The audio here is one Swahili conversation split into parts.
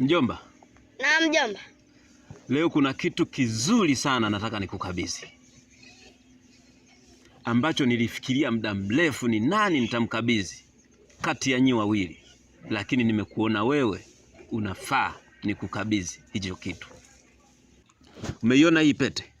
Mjomba. Na mjomba. Leo kuna kitu kizuri sana nataka nikukabidhi ambacho nilifikiria muda mrefu ni nani nitamkabidhi kati ya nyi wawili, lakini nimekuona wewe unafaa nikukabidhi hicho kitu. Umeiona hii pete?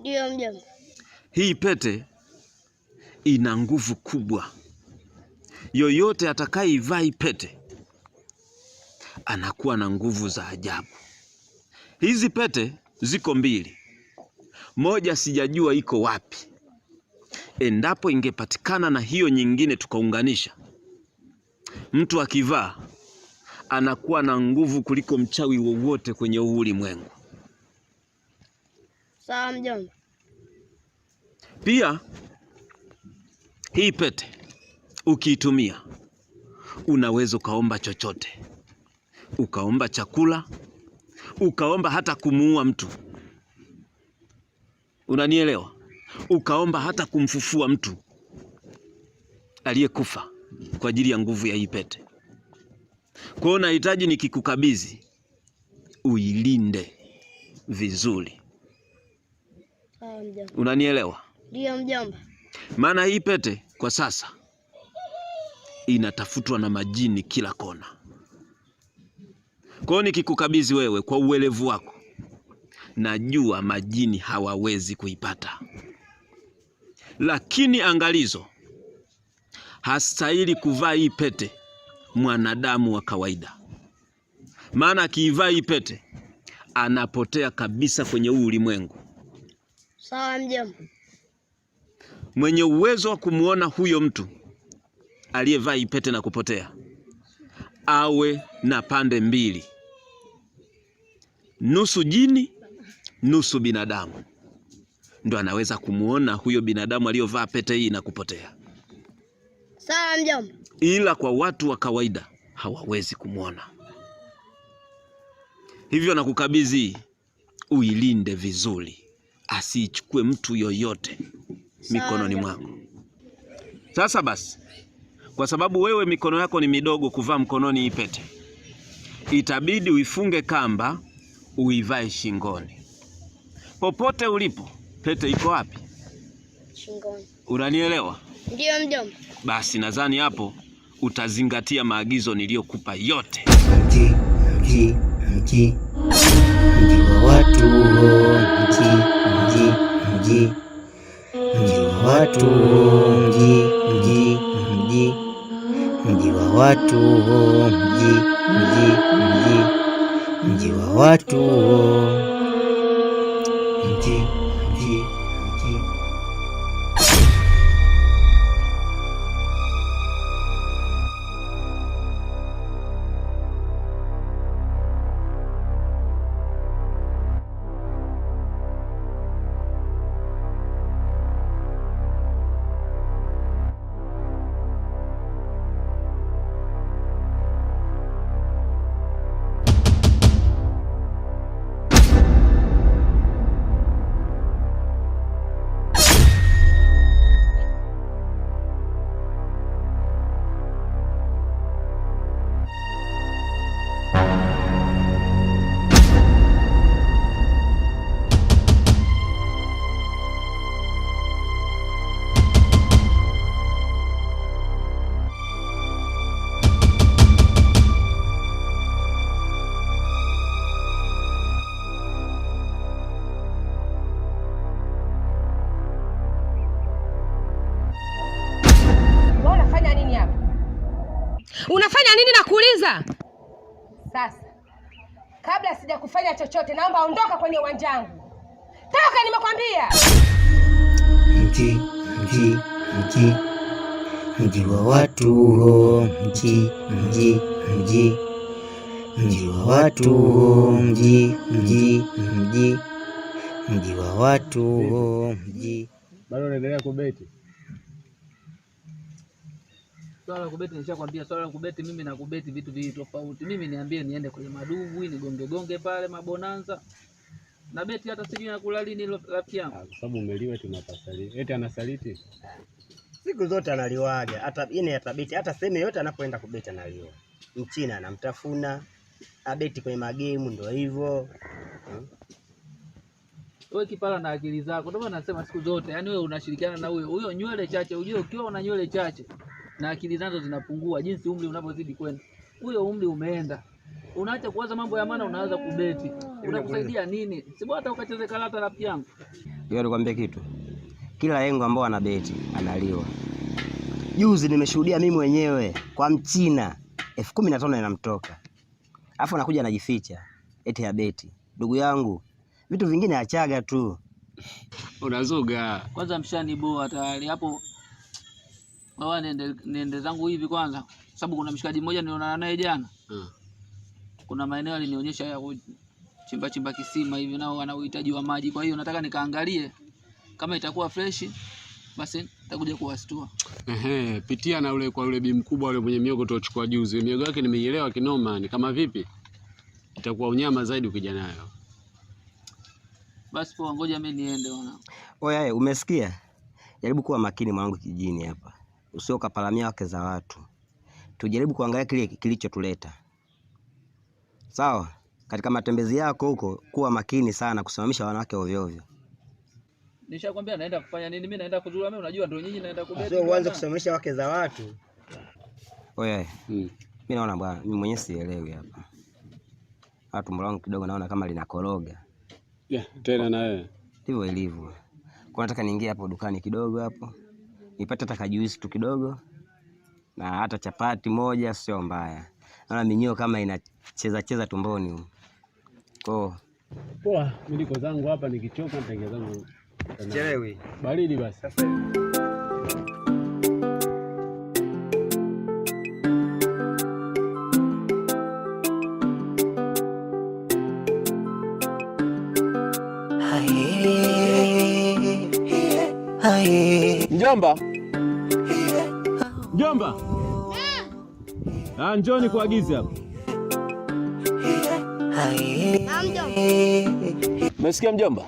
Ndio mjomba. Hii pete ina nguvu kubwa, yoyote atakayeivaa hii pete anakuwa na nguvu za ajabu. Hizi pete ziko mbili, moja sijajua iko wapi. Endapo ingepatikana na hiyo nyingine tukaunganisha, mtu akivaa anakuwa na nguvu kuliko mchawi wowote kwenye huu ulimwengu. Sawa mjomba. Pia hii pete ukiitumia unaweza ukaomba chochote ukaomba chakula, ukaomba hata kumuua mtu. Unanielewa? Ukaomba hata kumfufua mtu aliyekufa kwa ajili ya nguvu ya hii pete. Kwa hiyo nahitaji nikikukabidhi, uilinde vizuri. Ah, Unanielewa? Ndio mjomba. Maana hii pete kwa sasa inatafutwa na majini kila kona. Kwa hiyo nikikukabidhi wewe kwa uelevu wako, najua majini hawawezi kuipata, lakini angalizo, hastahili kuvaa hii pete mwanadamu wa kawaida, maana akiivaa hii pete anapotea kabisa kwenye huu ulimwengu. Sawa mjomba. Mwenye uwezo wa kumwona huyo mtu aliyevaa ipete na kupotea awe na pande mbili nusu jini nusu binadamu, ndo anaweza kumwona huyo binadamu aliyovaa pete hii na kupotea. Sawa mjomba, ila kwa watu wa kawaida hawawezi kumwona. Hivyo nakukabidhi uilinde vizuri, asiichukue mtu yoyote mikononi mwako. Sasa basi, kwa sababu wewe mikono yako ni midogo kuvaa mkononi hii pete, itabidi uifunge kamba uivae shingoni. Popote ulipo, pete iko wapi? Shingoni. Unanielewa? Ndio mjomba. Basi nadhani hapo utazingatia maagizo niliyokupa yote. Mji, mji, mji, mji wa watu, mji, mji, mji, mji wa watu, mji, mji, mji, mji wa watu, mji, mji, mji mji wa watu Sikiliza sasa, kabla sija kufanya chochote, naomba ondoka kwenye uwanja wangu. Toka, nimekwambia. Mji, mji, mji, mji wa watu huo, mji, mji, mji, mji wa watu huo, mji, mji, mji, mji wa watu huo, mji. Bado unaendelea kubeti? Swala la kubeti nishakwambia, swala la kubeti mimi na kubeti vitu viwili tofauti. Mimi niambie, niende kwenye madubu nigonge gonge pale mabonanza na beti, hata sijui nakula lini rafiki yangu. Ah, kwa sababu umeliwa tunapasali, eti anasaliti siku zote analiwaga, hata ine atabeti, hata sehemu yote anapoenda kubeti analiwa. Mchina anamtafuna abeti kwenye magemu, ndio hivyo hmm. Wewe kipala na akili zako, ndio maana nasema siku zote, yani wewe unashirikiana na huyo huyo nywele chache. Ujue ukiwa una nywele chache na akili nazo zinapungua jinsi umri unavyozidi kwenda. Huyo umri umeenda, unaacha kuwaza mambo ya maana, unaanza kubeti. Unakusaidia nini? Si bora hata ukacheze karata. Rafiki yangu Yeye alikwambia kitu, kila engo ambao anabeti analiwa. Juzi nimeshuhudia mimi mwenyewe kwa mchina elfu kumi na tano inamtoka, alafu anakuja anajificha eti ya beti. Ndugu yangu, vitu vingine achaga tu unazuga kwanza, mshani boa tayari hapo Baba, niende niende zangu hivi kwanza, sababu kuna mshikaji mmoja nilionana naye jana mm. kuna maeneo alinionyesha ya chimba chimba kisima hivi, nao wana uhitaji wa maji, kwa hiyo nataka nikaangalie kama itakuwa fresh, basi nitakuja kuwastua. Ehe, pitia na ule kwa ule bi mkubwa ule mwenye miogo tochukua juzi. Miogo yake nimeielewa kinoma, ni kama vipi? Itakuwa unyama zaidi ukija nayo. Basi poa, ngoja mimi niende Wana Oya, umesikia? Jaribu kuwa makini mwanangu kijini hapa usio kapalamia wake za watu. Tujaribu kuangalia kile kilichotuleta, sawa. Katika matembezi yako huko, kuwa makini sana kusimamisha wanawake ovyo ovyo. Nishakwambia naenda kufanya nini mimi, naenda kuzuru mimi, unajua ndio nyinyi naenda kubeti. Sio uanze kusimamisha wake za watu. Oye, hmm. mimi naona bwana, mimi mwenyewe sielewi hapa. Hata tumbo langu kidogo naona kama linakoroga. Yeah, tena na wewe. Ndivyo ilivyo. Kwa nataka niingie hapo dukani kidogo hapo nipate hata kajuisi tu kidogo, na hata chapati moja sio mbaya. Naona minyoo kama inacheza cheza tumboni huko. Kwa poa, mimi niko zangu hapa nikichoka nitaingia zangu. Chelewi. Baridi basi. Njomba Simba, ah, njoo nikuagize hapa. Mesikia mjomba,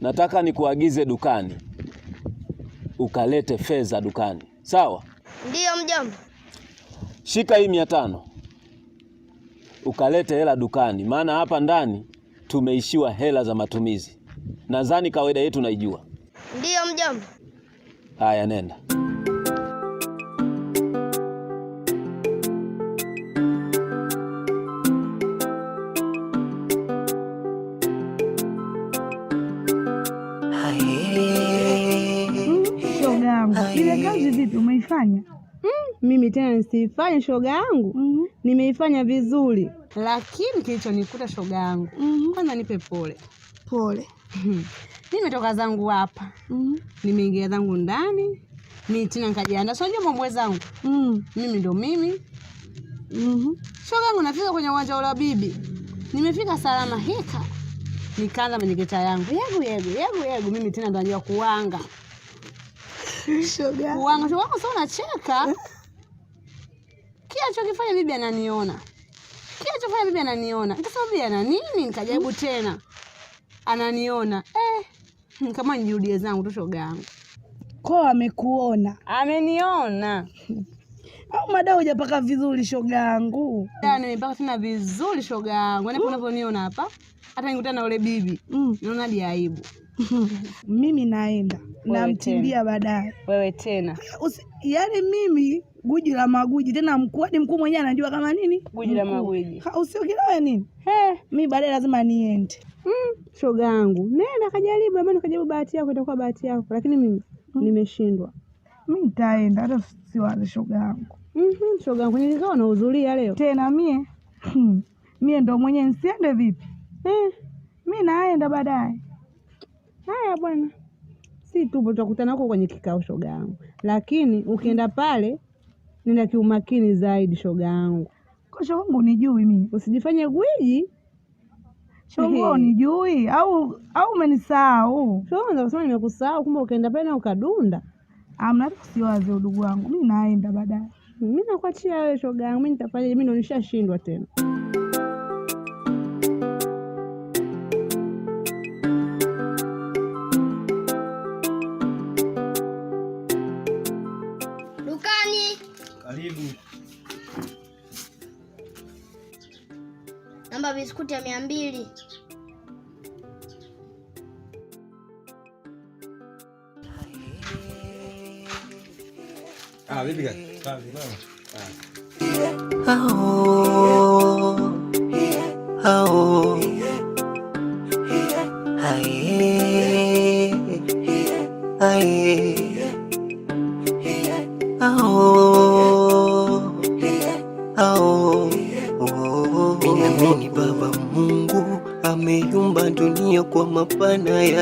nataka nikuagize dukani ukalete fedha dukani, sawa? Ndiyo mjomba. Shika hii mia tano ukalete hela dukani, maana hapa ndani tumeishiwa hela za matumizi. Nadhani kawaida yetu naijua. Ndiyo mjomba. Haya, nenda. nimeifanya Mm, mimi tena nisiifanye shoga yangu mm -hmm. Nimeifanya vizuri, lakini kilichonikuta shoga yangu mm -hmm. Kwanza nipe pole pole hmm. nimetoka zangu hapa mm -hmm. Nimeingia zangu ndani mi tena nikajiandaa, so najua mambo zangu mm. Mimi ndo mimi mm -hmm. Shoga yangu nafika kwenye uwanja wa bibi, nimefika salama hika, nikaanza menyegeta yangu yegu yegu yegu yegu, mimi tena ndo najua kuanga shoga wangu, wangu sasa unacheka. Kila chokifanya bibi ananiona, kila alichofanya bibi ananiona. Nikasema bibi ana nini? Nikajaribu tena, ananiona eh, nikama nijirudie zangu tu, shoga yangu. Ko amekuona, ameniona au mada hujapaka vizuri shoga yangu? Nimepaka tena vizuri shoga yangu, yaani hmm? unavyoniona hapa, hata nikutana na ule bibi mm, naona aibu. mimi naenda namtimbia baadaye. Wewe tena yaani, mimi guji la maguji tena, mkuadi mkuu mwenyewe anajua kama nini guji la maguji, usio kilawe nini. Mi baadaye lazima niende. Mm, shoga yangu nenda kajaribu, ama kajaribu, bahati yako itakuwa bahati yako, lakini mimi mm, nimeshindwa. Mi nitaenda hata siwazi shoga yangu. mm -hmm, shoga yangu nilikuwa nahudhuria leo tena mie hmm, mie ndo mwenye nsiende vipi? Eh, mi naenda baadaye haya bwana, si tupo tutakutana huko kwenye kikao shoga yangu, lakini ukienda pale nenda kiumakini zaidi shoga yangu. Kwa shoga nijui mimi, usijifanye gwiji shoga nijui au au umenisahau shoga? Ndio kusema nimekusahau, kumbe ukaenda pale na ukadunda. Amna kusiwaze udugu wangu, mimi naenda baadaye. Mimi nakuachia wewe shoga yangu, mimi nitafanya, mimi ndo nishashindwa tena. unga biskuti ya mia mbili. Ah, Ah.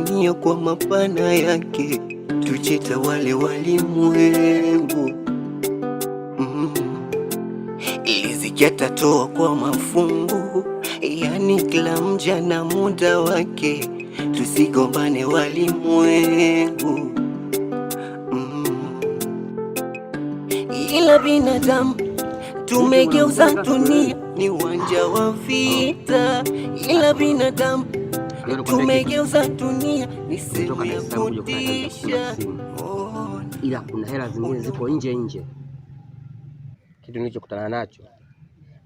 dunia kwa mapana yake, wale walimwengu mm. Mm-hmm. Riziki atatoa kwa mafungu, yani kila mja na muda wake, tusigombane walimwengu mm. Ila binadamu tumegeuza dunia ni uwanja wa vita, ila binadamu tumegeuza dunia nisitoka oh. ila kuna hela zingine oh, ziko nje nje. Kitu nilichokutana nacho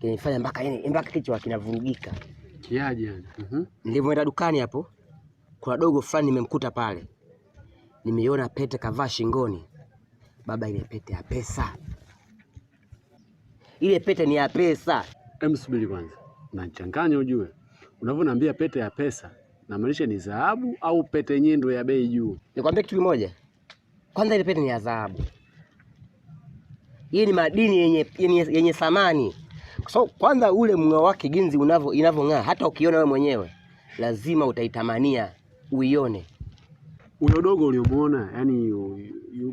kinifanya mpaka yani mpaka kichwa kinavurugika. Kiaje mhm. mhm. Nilipoenda dukani hapo kuna dogo fulani nimemkuta pale. Nimeiona pete kavaa shingoni. Baba, ile pete ya pesa. Ile pete ni ya pesa. Emsubiri kwanza. Nachanganya ujue. Unavyoniambia pete ya pesa namaanisha ni dhahabu au pete nyindo ya bei juu. Nikwambia kitu kimoja, kwanza ile pete ni ya dhahabu, hii ni madini yenye yenye, yenye thamani so, kwanza ule mng'ao wake ginzi unavyo inavyong'aa, hata ukiona wewe mwenyewe lazima utaitamania uione. Ule udogo uliomuona, yani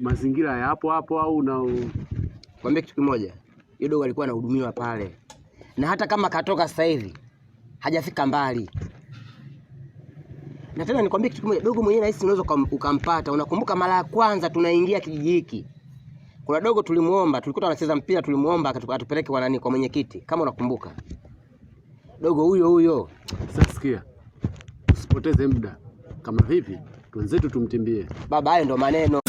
mazingira ya hapo hapo au na kwambia kitu kimoja, yule dogo alikuwa anahudumiwa pale, na hata kama katoka sasa hivi hajafika mbali. Na tena nikwambie kitu kimoja, dogo mwenyewe nahisi unaweza ukampata. Unakumbuka mara ya kwanza tunaingia kijiji hiki, kuna dogo tulimuomba, tulikuta anacheza mpira, tulimuomba atupeleke kwa nani, kwa mwenyekiti, kama unakumbuka. Dogo huyo huyo. Sasa sikia, usipoteze muda. Kama vipi, wenzetu tumtimbie baba. Hayo ndo maneno.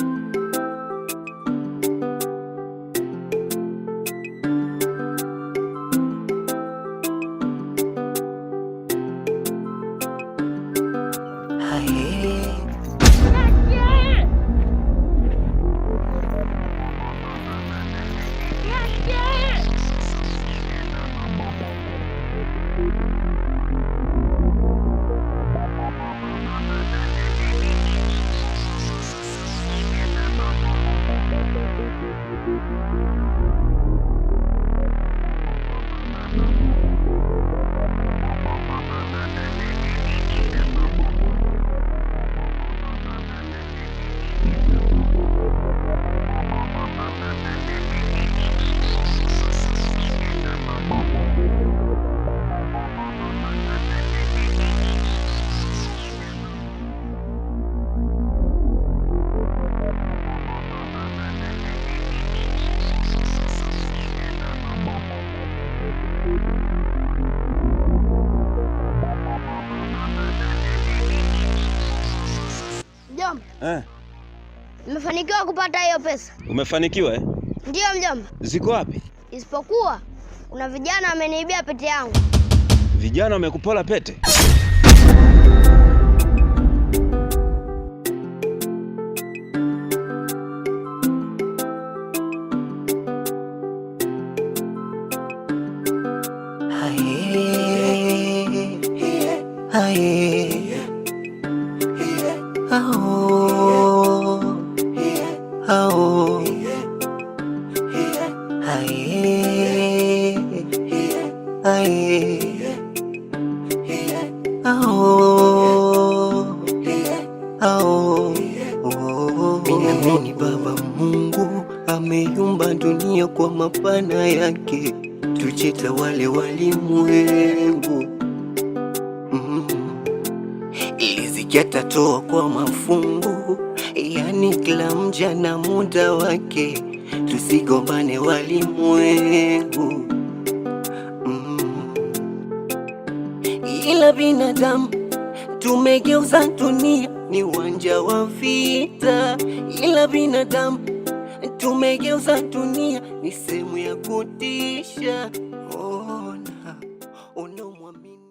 mjomba. Eh. Nimefanikiwa kupata hiyo pesa. Umefanikiwa eh? Ndiyo mjomba. Ziko wapi? Isipokuwa kuna vijana wameniibia pete yangu. Vijana wamekupola pete? Ninaamini Baba Mungu ameyumba dunia kwa mapana yake, tujitawale walimwengu mm yatatoa mafungu, yani kila mja na muda wake. Tusigombane walimwengu, mm. Ila binadamu tumegeuza dunia ni uwanja wa vita, ila binadamu tumegeuza dunia ni sehemu ya kutisha.